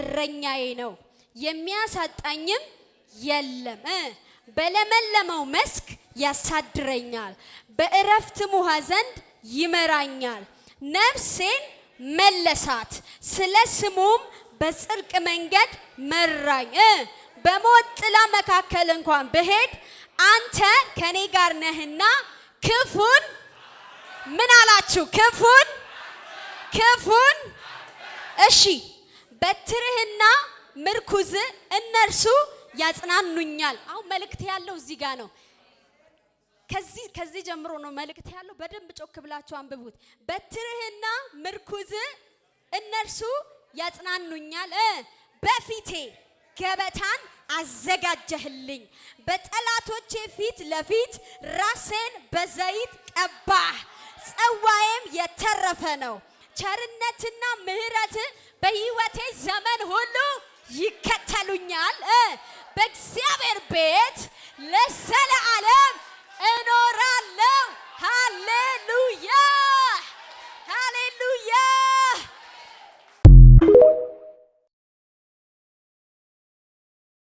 እረኛዬ ነው፣ የሚያሳጣኝም የለም። በለመለመው መስክ ያሳድረኛል፣ በእረፍትም ውሃ ዘንድ ይመራኛል። ነፍሴን መለሳት፣ ስለ ስሙም በጽድቅ መንገድ መራኝ። በሞት ጥላ መካከል እንኳን ብሄድ አንተ ከኔ ጋር ነህና ክፉን ምን አላችሁ? ክፉን ክፉን እሺ በትርህና ምርኩዝ እነርሱ ያጽናኑኛል። አሁን መልእክት ያለው እዚህ ጋር ነው። ከዚህ ከዚህ ጀምሮ ነው መልእክት ያለው። በደንብ ጮክ ብላችሁ አንብቡት። በትርህና ምርኩዝ እነርሱ ያጽናኑኛል። በፊቴ ገበታን አዘጋጀህልኝ፣ በጠላቶቼ ፊት ለፊት ራሴን በዘይት ቀባህ፣ ጽዋዬም የተረፈ ነው። ቸርነትና ምሕረት በህይወቴ ዘመን ሁሉ ይከተሉኛል። በእግዚአብሔር ቤት ለዘላ